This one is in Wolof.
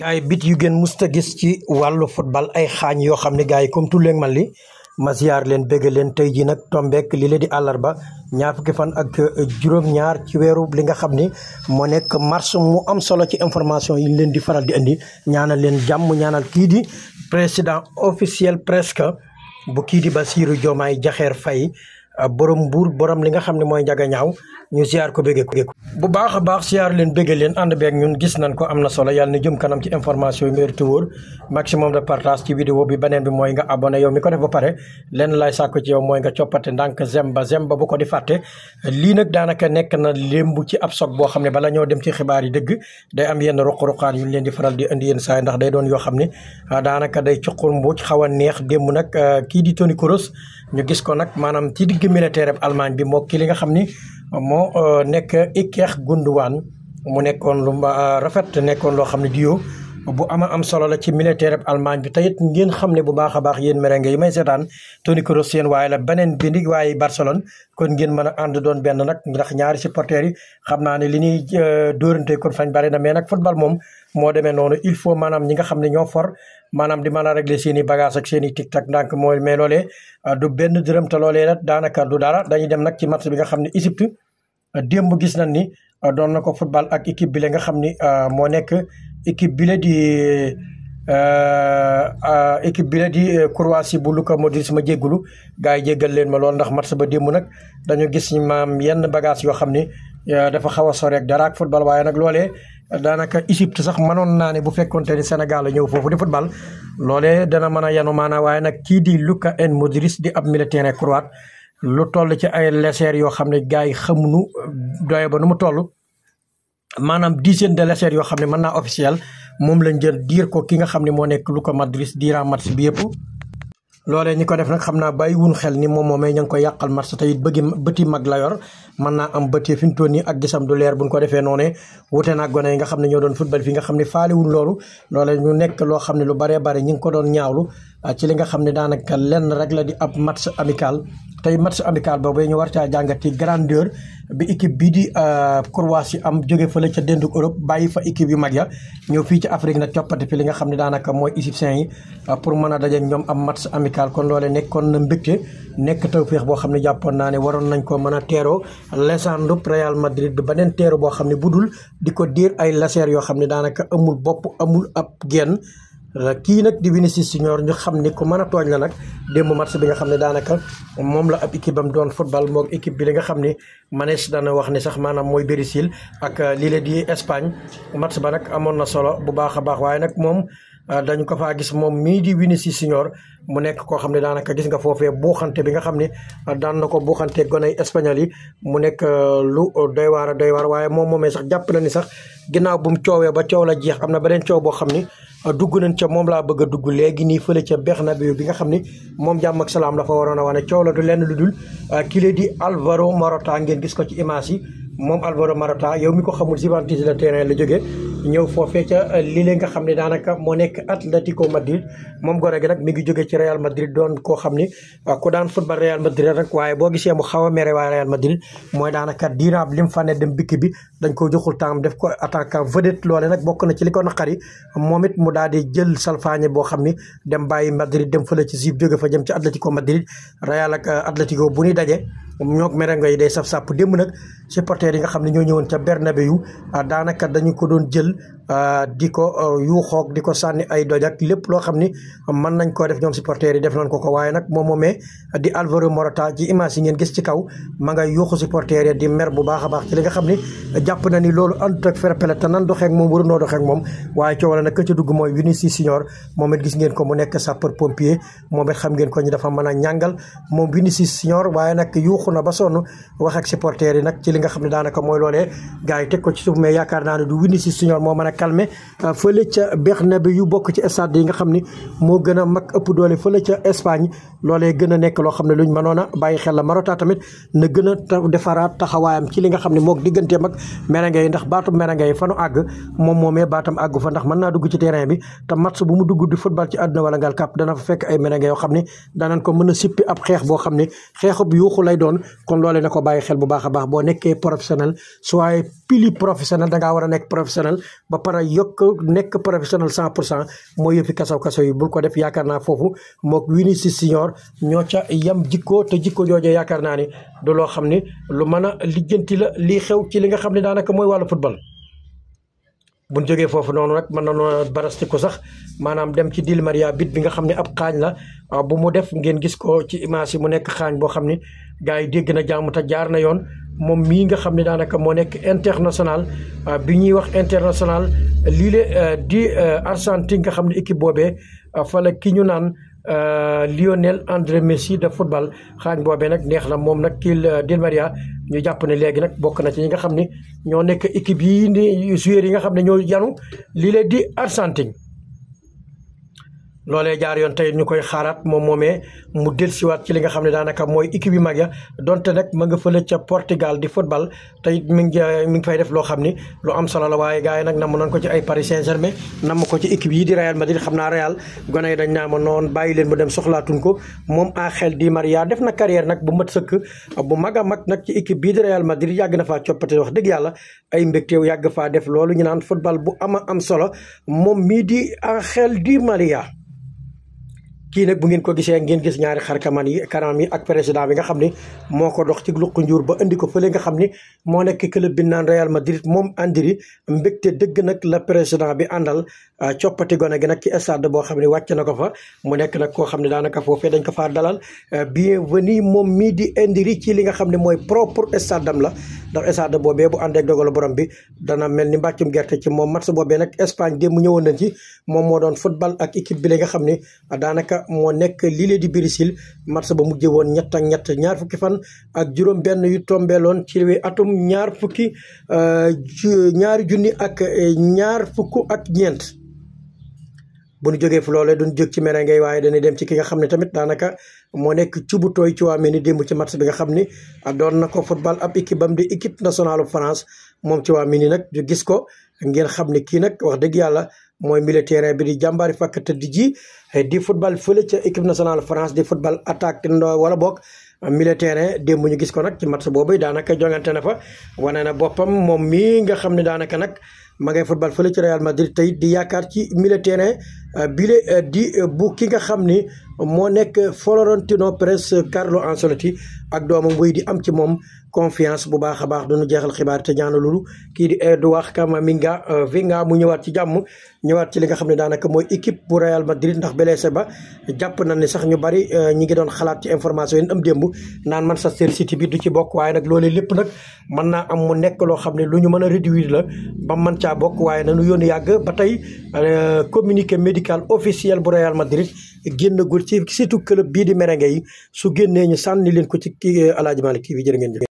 gars bit yu gën musta gis ci wàllu football ay xaañ yoo xam ne gars yi comme leen man li ma leen bëgg leen tey jii nag tombeek li la di àllarba ñaar fukki fan ak euh, juróom-ñaar ci weeru li nga xam ni moo nekk mars mu am solo ci information yi leen di faral di indi ñaanal leen jàmm ñaanal kii di président officiel presque bu kii di Bassirou Diomaye jaxeer fay euh, borom buur borom li nga xam ne mooy njaga ñaaw ñu siyaar ko bégge ko bu baax a baax siyaar leen bégge leen ànd beeg ñun gis nañ ko am na solo yàlla na jëm kanam ci information yu mérite wóor maximum de partage ci vidéo bi beneen bi mooy nga abonné yow mi ko def ba pare leen lay sàkku ci yow mooy nga coppate ndànk zemba zemba bu ko di fàtte lii nag daanaka nekk na lémbu ci ab soog boo xam ne bala ñoo dem ci xibaar yi dëgg day am yenn ruq-ruqaan yu leen di faral di indi yenn saay ndax day doon yoo xam ne ah, daanaka day cuqur mbuuc xaw a neex démb nag ah, kii di Toni Kroos ñu gis ko maanaam ci digg militaire bi Allemagne bi moo li nga xam ni moo euh, nekk Ikeex Gunduwaan mu nekkoon lu euh, rafet nekkoon loo xam ne Dio bu ama am solo la ci militaire ab Allemagne bi teyit ngeen xam ne bu baax a baax yéen merengue yi may seetaan Toni Kroos yéen waaye la beneen bindi waaye Barcelone kon ngeen mën a ànd doon benn nag ndax ñaari supporters yi xam naa ne li ñuy euh, dóorante kon fañ bari na mais nag football moom moo demee noonu il maanaam ñi nga xam ne ñoo for maanaam di mën a régler seen i bagage ak seen i tic-tac ndànk mooy mais loolee euh, du benn dërëm te loolee nag daanaka du dara dañuy dem nag ci match bi nga xam ne Égypte euh, démb gis nañ ni doon na ko football ak équipe bi la nga xam ni moo nekk équipe bi la di euh, euh, équipe bi la di euh, Croatie bu Luka Modrić ma jéggulu gars yi jéggal leen ma lool ndax match ba démb nag dañu gis maam yenn bagage yoo xam ni dafa xaw a sore ak dara ak football waaye nag loolee daanaka Égypte sax mënoon naa ne bu fekkonte ni Sénégal la ñëw foofu di football loolee dana mën a yanu maanaa waaye nag kii di Luka N Modrić di ab militaire croate lu toll ci ay leseer yoo xam ne gars yi xamuñu doye ba nu mu toll maanaam dizaine de lectures yoo xam ne mën naa officiel moom lañ jël diir ko ki nga xam ne moo nekk Luka Modrić diira match bi yëpp. loolee ñi ko def nag xam naa bàyyi wun xel ni moom moomee ña ngi koy yàqal match te it bëggi bëti mag la yor mën naa am bëti fi mu toll nii ak gisam du leer buñ ko defee noonu wute naa gone yi nga xam ne ñoo doon football fi nga xam ne faale wun loolu loolee ñu nekk loo xam ne lu baree bare ñi ngi ko doon ñaawlu Ah, ci li nga xam ne daanaka lenn rek la di ab match amical tey match amical ba ñu war caa jàngat ci grandeur bi équipe bii di ah, Croatie am jóge fële ca dénduk Europe bàyyi fa équipe yu mag ya ñëw fii ci Afrique nag coppati fi li nga xam ne daanaka mooy égyptiens yi ah, pour mën a daje ñoom am match amical kon loolee nekkoon na mbégte nekk tawféex boo xam ne jàppoon naa ne waroon nañ ko mën a teeroo lesandu Real Madrid bi beneen teero boo xam ne budul di ko diir ay laseer yoo xam ne daanaka amul bopp amul ab genn Euh, kii nag di Vinicius Junior ñu xam ni ku mën a tooñ la nag démb match bi nga xam ne daanaka moom la ab équipe bam doon football moog équipe bi li nga xam ni Manes dana wax ni sax maanaam mooy Brésil ak euh, lii di Espagne match ba nag amoon na solo bu baax a baax waaye nag moom euh, dañu ko faa gis moom mii di Vinicius Junior mu nekk koo xam ne daanaka gis nga foofee buuxante bi nga xam ne daan na ko buuxante gonay espagnol yi mu nekk lu doy waar a doy waaye moom moomee sax jàpp na ni sax ginnaaw bu mu coowee ba coow la jeex am na beneen coow boo xam ni dugg nañ ca moom laa bëgg a dugg léegi nii fële ca Bernabéu bi nga xam ni moom jàmm ak salaam la fa waroon a wane coow la du lenn lu dul ah, kii la di Alvaro Morata ngeen gis ko ci image yi. moom Alvaro Morata yow mi ko xamul Juventus la terrain la jóge ñëw foofee ca euh, lile nga xam ne daanaka moo nekk Atlético Madrid moom gore gi nag mi ngi jóge ci Real Madrid doon koo xam ni ku daan football Real Madrid rek waaye boo gisee mu xaw a mere waa Real Madrid mooy daanaka dinaab lim fa ne dem bikki bi dañ ko joxul temps def ko attaquant vedette loole nag bokk na ci li ko naqari moom it mu daal di jël salfaañe boo xam ni dem bàyyi Madrid dem fële ci Juve jóge fa jëm ci Atlético Madrid Real ak euh, Atlético bu ñuy daje ñoog merengo yi day saf sàpp démb nag supporters yi nga xam ne ñoo ñëwoon ca berna Bernabéu daanaka dañu ko doon jël Euh, di ko euh, yuuxoog di ko sànni ay doj ak lépp loo xam ni mën nañ koo def ñoom supporters yi def nañ ko ko waaye nag moom moomee di Alvaro Morata ci image yi ngeen gis ci kaw ma nga yuuxu supporters yi di mer bu baax a baax ci li nga xam ni jàpp na ni loolu àndut ak fair play te nan doxeek moom waru noo doxeek moom waaye coow la nag ka ci dugg mooy moom it gis ngeen ko mu nekk sapeur pompier moom it xam ko ñu dafa mën a ñàngal moom si Junior waaye nag yuuxu na ba sonn wax ak supporters yi nga xam ne daanaka mooy loolee gars yi teg ko moo a calmer euh, fële ca Bernabéu yu bokk ci stade yi nga xam ni moo gën a mag ëpp doole fële ca Espagne loolee gën a nekk loo xam ne luñ mënoon a bàyyi xel la Marotta tamit na gën a defaraat taxawaayam ci li nga xam ne moo digganteem ak merengue yi ndax baatum merengue yi fanu àgg moom moomee baatam àggu fa ndax mën naa dugg ci terrain bi te match bu mu dugg di football ci àdduna wala ngal dana fekk ay merengue yoo xam ne danañ ko mën a sippi ab xeex boo xam ne xeexub yuuxu lay doon kon loolee a baax boo nekkee professionnel soit pili professionnel a nekk professionnel pare yokk nekk professionnel cent pour cent mooy yëppi kasaw-kasaw yi bul ko def yaakaar na foofu mook Vinicius Junior ñoo ca yam jikko te jikko jooju yaakaar naa ni du loo xam ni lu mën a lijjanti la lii xew ci li nga xam ne daanaka mooy wala wàllu football. buñ jógee foofu noonu rek mën nañoo barastiku sax maanaam dem ci Di Maria bit bi nga xam ne ab xaañ la ah, bu mu def ngeen gis ko ci image yi mu nekk xaañ boo xam ni gars yi dégg na jaamu te jaar na yoon moom mii nga xam ne daanaka moo nekk international euh, bi ñuy wax international lii la euh, di euh, Argentine nga xam ne équipe boobee fa la ki ñu naan Lionel André Messi de football xaañ boobee nag neex na moom nag kii Di Maria ñu jàpp ne léegi nag bokk na ci ñi nga xam ni ñoo nekk équipe yi ni joueurs yi nga xam ne ñoo yanu lii la di Argentine loolee jaar yoon tey ñu koy xaaraat moom moomee mu dellusiwaat ci li nga xam ne daanaka mooy équipe mag ya donte nag ma nga fële ca Portugal di football tey mi ngi mi ngi fay def loo xam ni lu am solo la waaye gars yi nag namm nañ ko ci ay Paris Saint-Germain nam ko ci équipe yi di Real Madrid xam naa Real gone yi dañ naa ma noonu bàyyi leen mu dem soxlaatuñ ko moom Angel Di Maria def na carrière nag bu mat sëkk bu mag a mag nag ci équipe bii di Real Madrid yàgg na faa coppate wax dëgg yàlla ay mbégteew yàgg faa def loolu ñu naan football bu ama am solo moom mii di Angel Di Maria kii nag bu ngeen ko gisee ngeen gis ñaari xar kanam yi kanam yi ak président bi nga xam ni moo ko dox ci luq njuur ba indi ko fële nga xam ni moo nekk club bi naan Real Madrid moom andiri mbégte dëgg nag la président bi àndal ah, coppati gone gi nag ci stade boo xam ne wàcc na ko fa mu nekk nag koo xam ne daanaka foofee dañ ko faa dalal ah, bienvenue moom mii di indiri ci li nga xam ne mooy propre stade am la ndax stade boobe bu ànd ak dogalu borom bi dana mel ni mbàccum gerte ci moom match boobee nag Espagne démb ñëwoon nañ ci moom moo doon football ak équipe bi la nga xam ne daanaka moo nekk lii di Brésil match ba mujjee woon ñett ñett ñaar fukki fan ak juróom benn yu tombeeloon ci atum ñaar fukki euh, ñaari junni ak eh, ñaar fukk ak ñeent bu ñu jógee fu loolee duñ jóg ci merengue yi waaye dañuy dem ci ki nga xam ne tamit daanaka moo nekk cubu tooy ci waa mel ni démb ci match bi nga xam ni ah, doon na ko football ab équipe bam di équipe nationale France moom ci waa mel ni nag ñu gis ko ngeen xam ne kii nag wax dëgg yàlla mooy milieu terrain bi di jàmbaari fàkk tëdd ji eh, di football fële ca équipe nationale France di football attaque wala boog milieu terrain démb ñu gis ko nag ci match boobu daanaka jongante na fa wane na boppam moom mii nga xam ne daanaka nag ma ngay football fële ci Real Madrid tey di yaakaar ci milieu terrain euh, bile euh, di euh, bu ki nga xam ni moo nekk Florentino Perez Carlo Ancelotti ak doomam wéy di am ci moom confiance bu baax a baax nu jeexal xibaar te ñaana loolu kii di Edouard Camavinga euh, nga mu ñëwaat ci jàmm ñëwaat ci li nga xam ne daanaka mooy équipe bu Real Madrid ndax blessé ba jàpp na ni sax ñu bari euh, ñu ngi doon xalaat ci information yi am démb naan Manchester City bi du ci bokk waaye nag loolee lépp nag mën naa am mu nekk loo xam ne lu ñu mën a réduire la ba man caa bokk waaye na nañu yoon yàgg ba tey euh, communiqué médical officiel bu Real Madrid génn gul ci surtout club bii di merengue yi su génnee ñu sànni leen ko ci kii Alaaji Malick TV bi jërë ngeen